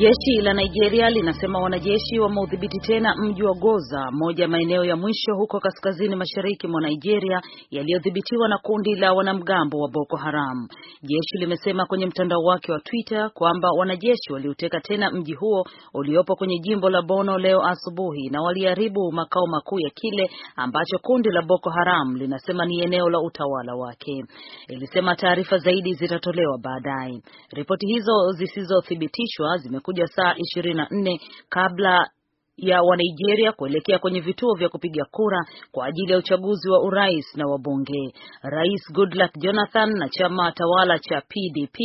Jeshi la Nigeria linasema wanajeshi wameudhibiti tena mji wa Goza, moja ya maeneo ya mwisho huko kaskazini mashariki mwa Nigeria yaliyodhibitiwa na kundi la wanamgambo wa Boko Haram. Jeshi limesema kwenye mtandao wake wa Twitter kwamba wanajeshi waliuteka tena mji huo uliopo kwenye jimbo la Bono leo asubuhi na waliharibu makao makuu ya kile ambacho kundi la Boko Haram linasema ni eneo la utawala wake. Ilisema taarifa zaidi zitatolewa baadaye. Ripoti hizo zisizothibitishwa zime zinakuja saa ishirini na nne kabla ya Wanigeria kuelekea kwenye vituo vya kupiga kura kwa ajili ya uchaguzi wa urais na wabunge. Rais Goodluck Jonathan na chama tawala cha PDP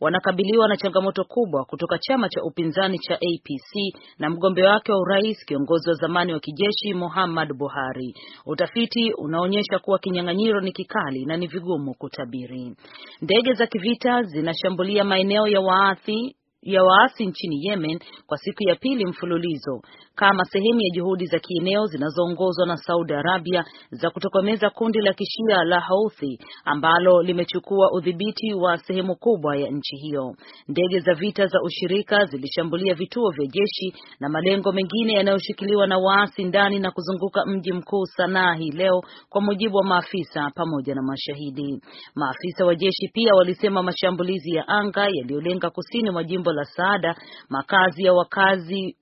wanakabiliwa na changamoto kubwa kutoka chama cha upinzani cha APC na mgombea wake wa urais, kiongozi wa zamani wa kijeshi Muhammad Buhari. Utafiti unaonyesha kuwa kinyang'anyiro ni kikali na ni vigumu kutabiri. Ndege za kivita zinashambulia maeneo ya waathi ya waasi nchini Yemen kwa siku ya pili mfululizo kama sehemu ya juhudi za kieneo zinazoongozwa na Saudi Arabia za kutokomeza kundi la kishia la Houthi ambalo limechukua udhibiti wa sehemu kubwa ya nchi hiyo. Ndege za vita za ushirika zilishambulia vituo vya jeshi na malengo mengine yanayoshikiliwa na waasi ndani na kuzunguka mji mkuu Sanaa hii leo, kwa mujibu wa maafisa pamoja na mashahidi. Maafisa wa jeshi pia walisema mashambulizi ya anga yaliyolenga kusini mwa jimbo la Saada, makazi ya wakazi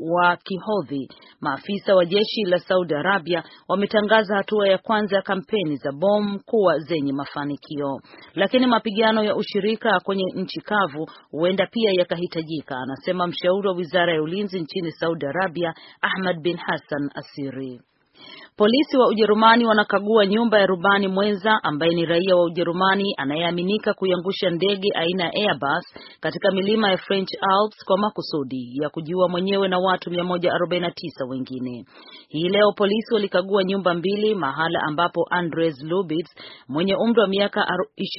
wa Kihodhi. Maafisa wa jeshi la Saudi Arabia wametangaza hatua ya kwanza ya kampeni za bomu kuwa zenye mafanikio, lakini mapigano ya ushirika kwenye nchi kavu huenda pia yakahitajika, anasema mshauri wa wizara ya ulinzi nchini Saudi Arabia, Ahmad bin Hassan Asiri. Polisi wa Ujerumani wanakagua nyumba ya rubani mwenza ambaye ni raia wa Ujerumani anayeaminika kuiangusha ndege aina ya Airbus katika milima ya French Alps kwa makusudi ya kujiua mwenyewe na watu 149 wengine. Hii leo polisi walikagua nyumba mbili mahala ambapo Andres Lubitz mwenye umri wa miaka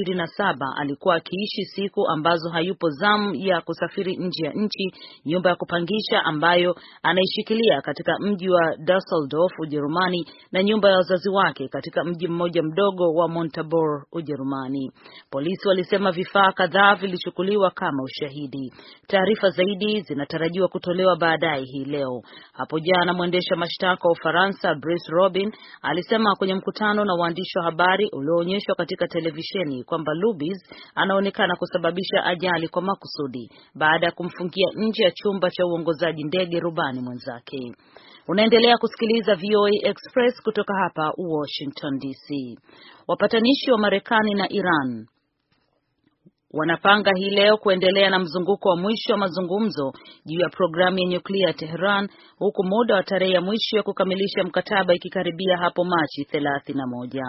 27 alikuwa akiishi siku ambazo hayupo zamu ya kusafiri nje ya nchi, nyumba ya kupangisha ambayo anaishikilia katika mji wa Dusseldorf, Ujerumani na nyumba ya wazazi wake katika mji mmoja mdogo wa Montabor, Ujerumani. Polisi walisema vifaa kadhaa vilichukuliwa kama ushahidi. Taarifa zaidi zinatarajiwa kutolewa baadaye hii leo. Hapo jana mwendesha mashtaka wa Ufaransa Brice Robin alisema kwenye mkutano na waandishi wa habari ulioonyeshwa katika televisheni kwamba Lubis anaonekana kusababisha ajali kwa makusudi baada ya kumfungia nje ya chumba cha uongozaji ndege rubani mwenzake. Unaendelea kusikiliza VOA Express kutoka hapa Washington DC. Wapatanishi wa Marekani na Iran wanapanga hii leo kuendelea na mzunguko wa mwisho wa mazungumzo juu ya programu ya nyuklia ya Tehran huku muda wa tarehe ya mwisho ya kukamilisha mkataba ikikaribia hapo Machi 31.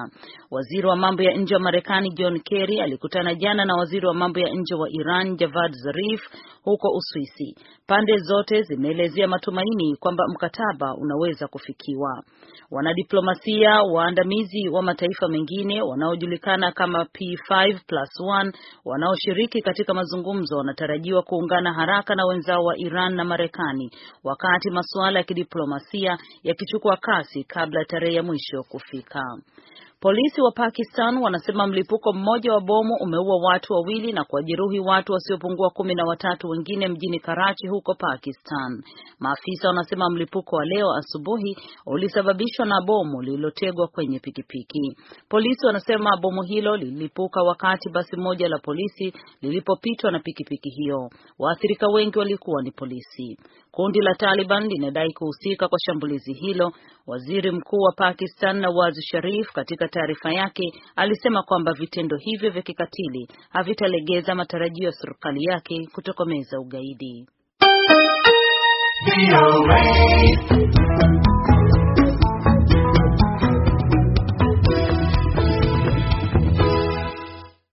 Waziri wa mambo ya nje wa Marekani John Kerry alikutana jana na waziri wa mambo ya nje wa Iran Javad Zarif huko Uswisi. Pande zote zimeelezea matumaini kwamba mkataba unaweza kufikiwa. Wanadiplomasia waandamizi wa mataifa mengine wanaojulikana kama P5+1 wanaoshiriki katika mazungumzo wanatarajiwa kuungana haraka na wenzao wa Iran na Marekani wakati masuala ya kidiplomasia yakichukua kasi kabla tarehe ya mwisho kufika. Polisi wa Pakistan wanasema mlipuko mmoja wa bomu umeua watu wawili na kuwajeruhi watu wasiopungua kumi na watatu wengine mjini Karachi huko Pakistan. Maafisa wanasema mlipuko wa leo asubuhi ulisababishwa na bomu lililotegwa kwenye pikipiki. Polisi wanasema bomu hilo lililipuka wakati basi moja la polisi lilipopitwa na pikipiki hiyo. Waathirika wengi walikuwa ni polisi. Kundi la Taliban linadai kuhusika kwa shambulizi hilo. Waziri Mkuu wa Pakistan Nawaz Sharif katika taarifa yake alisema kwamba vitendo hivyo vya kikatili havitalegeza matarajio ya serikali yake kutokomeza ugaidi.